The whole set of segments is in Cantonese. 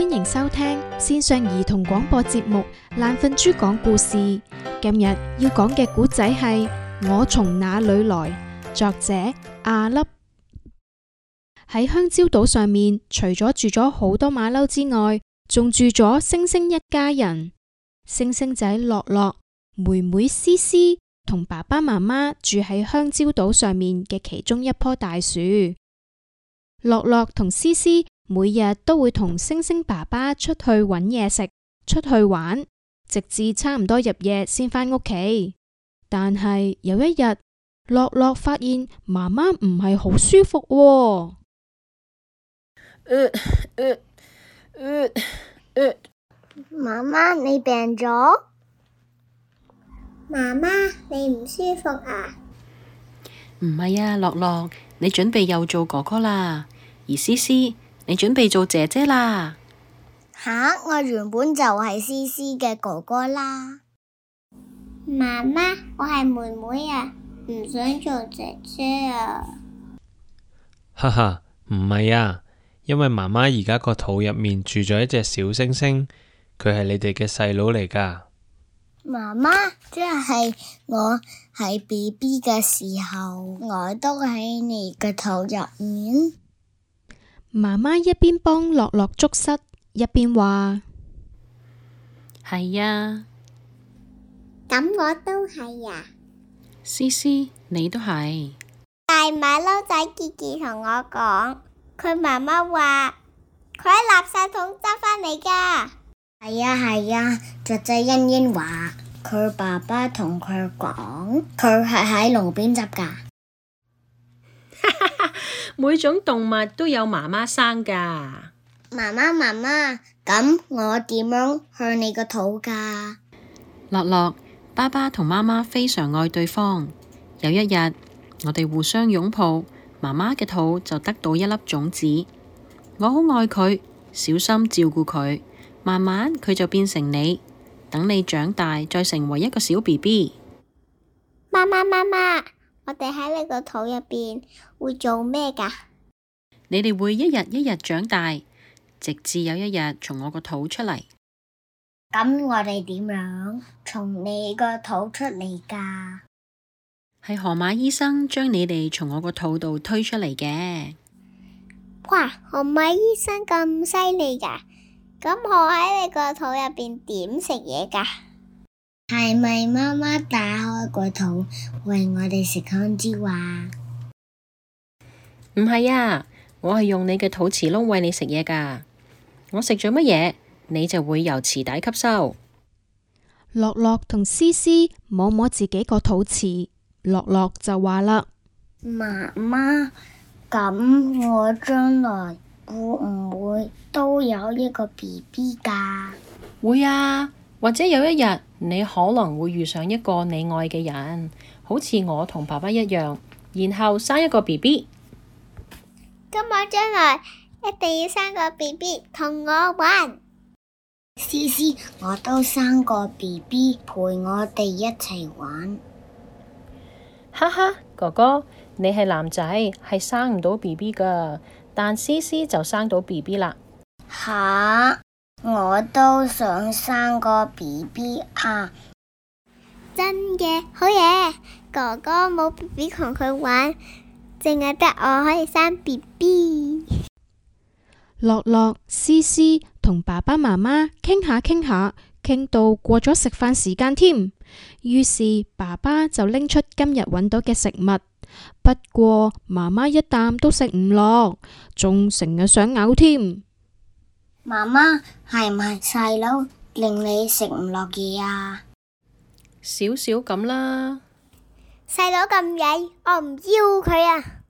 歡迎收聽綫上兒童廣播節目《懶瞓豬講故事》。今日要講嘅古仔係《我從哪裏來》，作者阿、啊、粒。喺香蕉島上面，除咗住咗好多馬騮之外，仲住咗星星一家人。星星仔樂樂、妹妹思思同爸爸媽媽住喺香蕉島上面嘅其中一棵大樹。樂樂同思思，每日都會同猩猩爸爸出去揾嘢食、出去玩，直至差唔多入夜先返屋企。但係有一日，樂樂發現媽媽唔係好舒服，哦。嗯嗯嗯，媽媽你病咗？媽媽你唔舒服啊？唔係啊，樂樂，你準備又做哥哥啦，而思思你準備做姐姐啦？吓，我原本就係思思嘅哥哥啦。媽媽，我係妹妹啊，唔想做姐姐啊。哈哈，唔係啊，因為媽媽而家個肚入面住咗一隻小星星，佢係你哋嘅細佬嚟噶。媽媽，即係我喺 BB 嘅時候，我都喺你嘅肚入面。媽媽一邊幫樂樂捉虱，一邊話：係呀，咁我都係呀。思思，你都係。大馬騮仔杰杰同我講，佢媽媽話佢喺垃圾桶執返嚟噶。係啊係啊，雀仔欣欣話佢爸爸同佢講，佢係喺路邊執噶。每種動物都有媽媽生㗎。媽媽媽媽，咁我點樣去你個肚㗎？樂樂，爸爸同媽媽非常愛對方。有一日，我哋互相擁抱，媽媽嘅肚就得到一粒種子。我好愛佢，小心照顧佢，慢慢佢就變成你。等你長大，再成為一個小 BB。媽媽媽媽。媽媽我哋喺你個肚入邊會做咩噶？你哋會一日一日長大，直至有一日從我個肚出嚟。咁我哋點樣從你個肚出嚟噶？係河馬醫生將你哋從我個肚度推出嚟嘅。哇！河馬醫生咁犀利噶，咁我喺你個肚入邊點食嘢噶？係咪媽媽打開個肚餵我哋食香蕉啊？唔係啊，我係用你嘅肚臍窿餵你食嘢噶。我食咗乜嘢，你就會由臍帶吸收。樂樂同思思摸摸，摸自己個肚臍，樂樂就話啦：媽媽，咁我將來會唔會都有呢個 BB？噶會啊！或者有一日，你可能會遇上一個你愛嘅人，好似我同爸爸一樣，然後生一個 B B。咁我將來一定要生個 B B 同我玩。思思，我都生個 B B 陪我哋一齊玩。哈哈，哥哥，你係男仔，係生唔到 B B 㗎，但思思就生到 B B 啦。嚇！我都想生個 B B 啊！真嘅好嘢，哥哥冇 B B 同佢玩，淨係得我可以生 B B。樂 樂、思思同爸爸媽媽傾下傾下，傾到過咗食飯時間添。於是爸爸就拎出今日搵到嘅食物，不過媽媽一啖都食唔落，仲成日想嘔添。媽媽係唔係細佬令你食唔落嘢啊？少少咁啦。細佬咁曳，我唔要佢啊！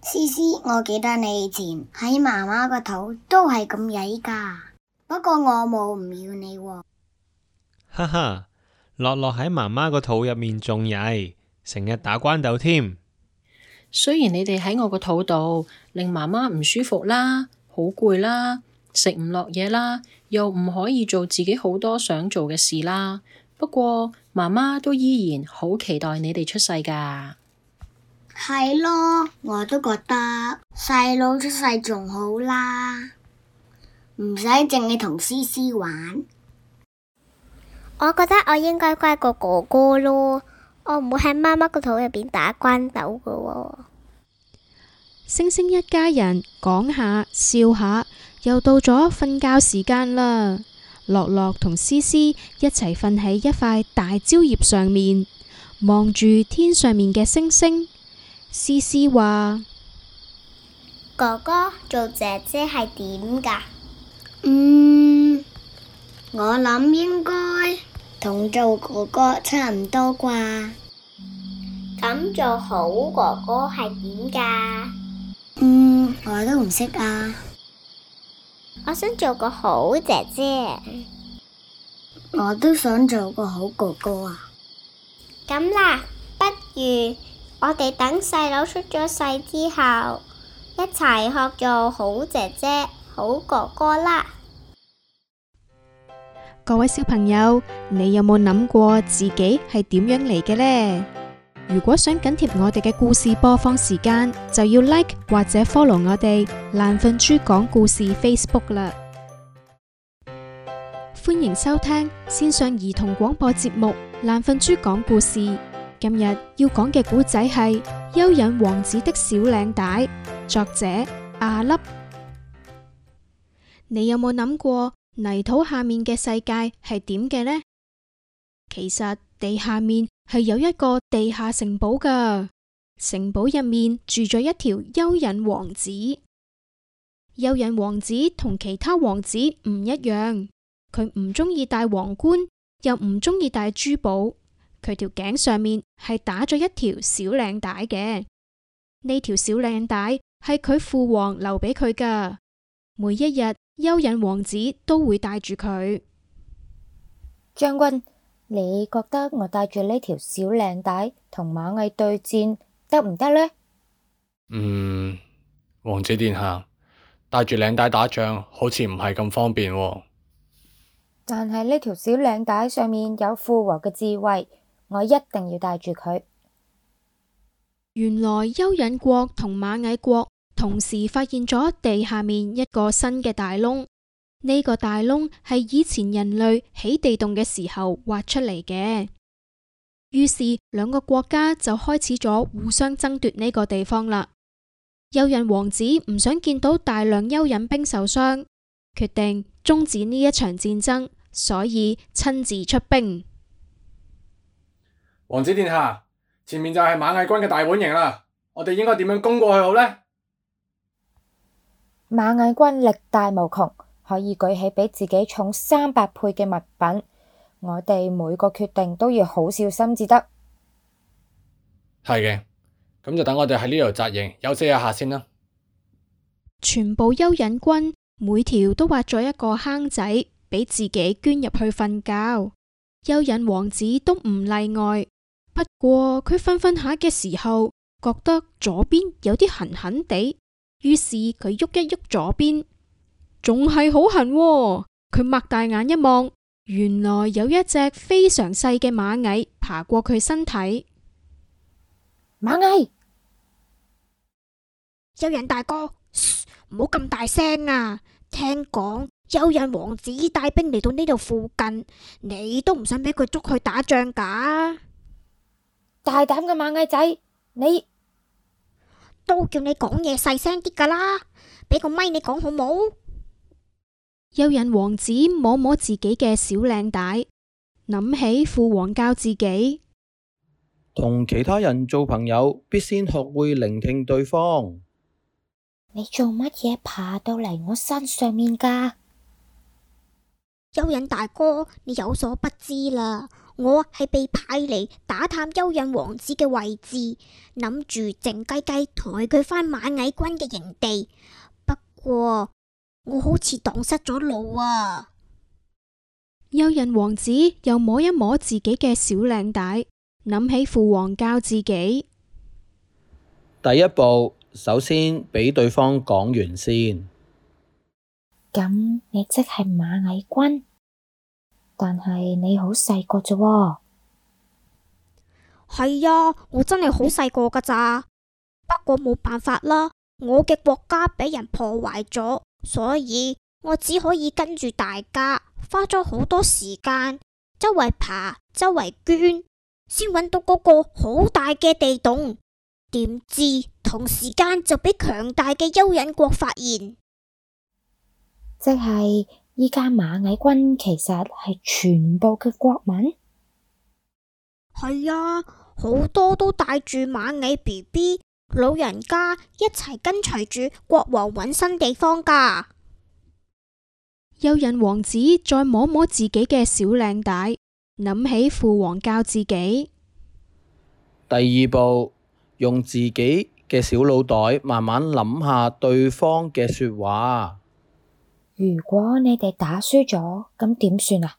思思，我記得你以前喺媽媽個肚都係咁曳噶，不過我冇唔要你喎，啊。哈哈，樂樂喺媽媽個肚入面仲曳，成日打關斗添。雖然你哋喺我個肚度令媽媽唔舒服啦，好攰啦。食唔落嘢啦，又唔可以做自己好多想做嘅事啦。不過媽媽都依然好期待你哋出世㗎。係咯，我都覺得細佬出世仲好啦，唔使淨係同思思玩。我覺得我應該乖過哥哥咯，我唔會喺媽媽個肚入邊打關斗噶星星一家人講下笑下。笑又到咗瞓覺時間啦，樂樂同思思一齊瞓喺一塊大蕉葉上面，望住天上面嘅星星。思思話：哥哥做姐姐係點噶？嗯，我諗應該同做哥哥差唔多啩。咁做好哥哥係點噶？嗯，我都唔識啊。我想做個好姐姐，我都想做個好哥哥啊。咁啦，不如我哋等細佬出咗世之後，一齊學做好姐姐、好哥哥啦。各位小朋友，你有冇諗過自己係點樣嚟嘅呢？如果想緊貼我哋嘅故事播放時間，就要 like 或者 follow 我哋懶瞓豬講故事 Facebook 啦。歡迎收聽線上兒童廣播節目《懶瞓豬講故事》。今日要講嘅古仔係《蚯蚓王子的小領帶》，作者阿粒。你有冇諗過泥土下面嘅世界係點嘅呢？其實地下面。係有一個地下城堡嘅。城堡入面住咗一條蚯蚓王子。蚯蚓王子同其他王子唔一樣，佢唔中意戴皇冠，又唔中意戴珠寶。佢條頸上面係打咗一條小領帶嘅。呢條小領帶係佢父皇留俾佢嘅，每一日蚯蚓王子都會戴住佢將軍。你覺得我戴住呢條小領帶同螞蟻對戰得唔得呢？嗯，王子殿下，戴住領帶打仗好似唔係咁方便。哦。但係呢條小領帶上面有父王嘅智慧，我一定要戴住佢。原來蚯蚓國同螞蟻國同時發現咗地下面一個新嘅大窿。呢個大窿係以前人類起地洞嘅時候挖出嚟嘅，於是兩個國家就開始咗互相爭奪呢個地方啦。蚯蚓王子唔想見到大量蚯蚓兵受傷，決定終止呢一場戰爭，所以親自出兵。王子殿下，前面就係螞蟻軍嘅大本營啦，我哋應該點樣攻過去好呢？螞蟻軍力大無窮。可以舉起比自己重三百倍嘅物品，我哋每個決定都要好小心至得。係嘅，咁就等我哋喺呢度紮營，休息一下先啦。全部蚯蚓軍每條都挖咗一個坑仔，俾自己捐入去瞓覺。蚯蚓王子都唔例外，不過佢瞓瞓下嘅時候，覺得左邊有啲痕痕地，於是佢喐一喐左邊。仲係好痕，啊，佢擘大眼一望，原來有一隻非常細嘅螞蟻爬過佢身體。螞蟻，蚯蚓大哥，唔好咁大聲啊！聽講蚯蚓王子帶兵嚟到呢度附近，你都唔想俾佢捉去打仗噶？大膽嘅螞蟻仔，你都叫你講嘢細聲啲噶啦，俾個咪你講好冇？蚯蚓王子摸摸自己嘅小領帶，諗起父王教自己同其他人做朋友，必先學會聆聽對方。你做乜嘢爬到嚟我身上面噶？蚯蚓大哥，你有所不知啦，我係被派嚟打探蚯蚓王子嘅位置，諗住靜雞雞抬佢返螞蟻軍嘅營地。不過。我好似蕩失咗路啊！蚯蚓王子又摸一摸自己嘅小領帶，諗起父王教自己第一步，首先俾對方講完先。咁你即係螞蟻君，但係你好細個啫。係啊，我真係好細個噶咋。 不過冇辦法啦，我嘅國家俾人破壞咗。所以，我只可以跟住大家，花咗好多時間周圍爬、周圍捐，先揾到嗰個好大嘅地洞。點知同時間就俾強大嘅蚯蚓國發現，即係依家螞蟻軍其實係全部嘅國民？係啊，好多都帶住螞蟻 BB。老人家一齊跟隨住國王揾新地方噶。蚯蚓王子再摸摸自己嘅小領帶，諗起父王教自己第二步，用自己嘅小腦袋慢慢諗下對方嘅說話。如果你哋打輸咗，咁點算啊？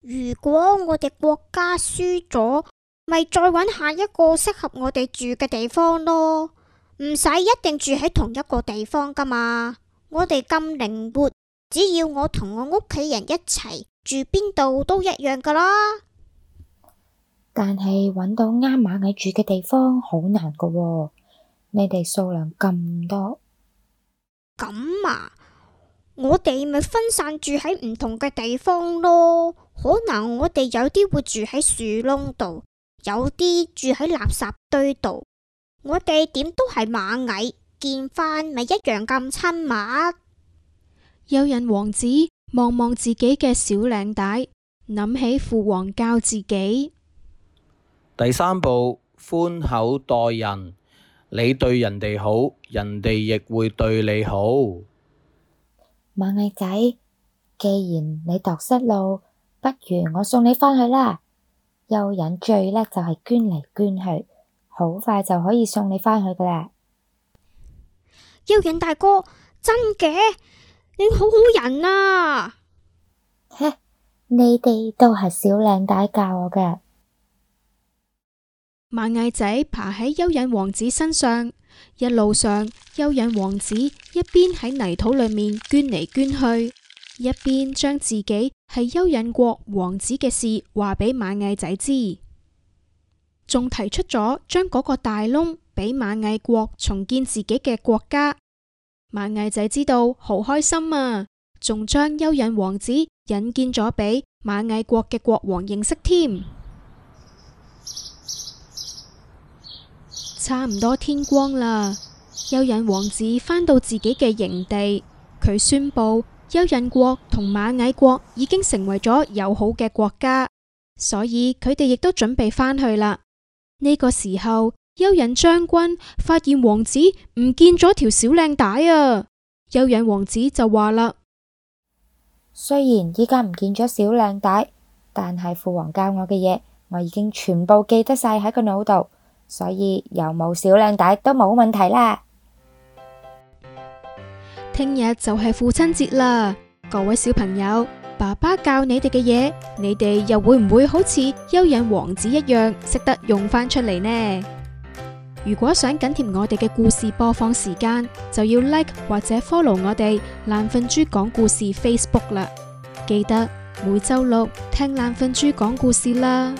如果我哋國家輸咗？咪再揾下一個適合我哋住嘅地方咯，唔使一定住喺同一個地方噶嘛。我哋咁靈活，只要我同我屋企人一齊住邊度都一樣噶啦。但係揾到啱螞蟻住嘅地方好難噶喎，你哋數量咁多咁啊？我哋咪分散住喺唔同嘅地方咯。可能我哋有啲會住喺樹窿度。有啲住喺垃圾堆度，我哋點都係螞蟻，見翻咪一樣咁親密。蚯蚓王子望望自己嘅小領帶，諗起父王教自己第三步，寬厚待人，你對人哋好，人哋亦會對你好。螞蟻仔，既然你蕩失路，不如我送你返去啦。蚯蚓最叻就係捐嚟捐去，好快就可以送你返去噶啦！蚯蚓大哥，真嘅，你好好人啊！ 你哋都係小領帶教我嘅。螞蟻仔爬喺蚯蚓王子身上，一路上蚯蚓王子一邊喺泥土裏面捐嚟捐去。一邊將自己係蚯蚓國王子嘅事話俾螞蟻仔知，仲提出咗將嗰個大窿俾螞蟻國重建自己嘅國家。螞蟻仔知道好開心啊，仲將蚯蚓王子引見咗俾螞蟻國嘅國王認識添。差唔多天光啦，蚯蚓王子返到自己嘅營地，佢宣布。幽人國同螞蟻國已經成為咗友好嘅國家，所以佢哋亦都準備返去啦。呢、這個時候，幽人將軍發現王子唔見咗條小靚帶啊！幽人王子就話啦：雖然依家唔見咗小靚帶，但係父王教我嘅嘢，我已經全部記得晒喺個腦度，所以有冇小靚帶都冇問題啦。聽日就係父親節啦，各位小朋友，爸爸教你哋嘅嘢，你哋又會唔會好似蚯蚓王子一樣識得用翻出嚟呢？ 如果想緊貼我哋嘅故事播放時間，就要 like 或者 follow 我哋懶瞓豬講故事 Facebook 啦。記得每周六聽懶瞓豬講故事啦。